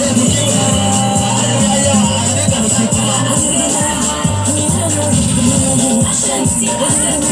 I do not see myself.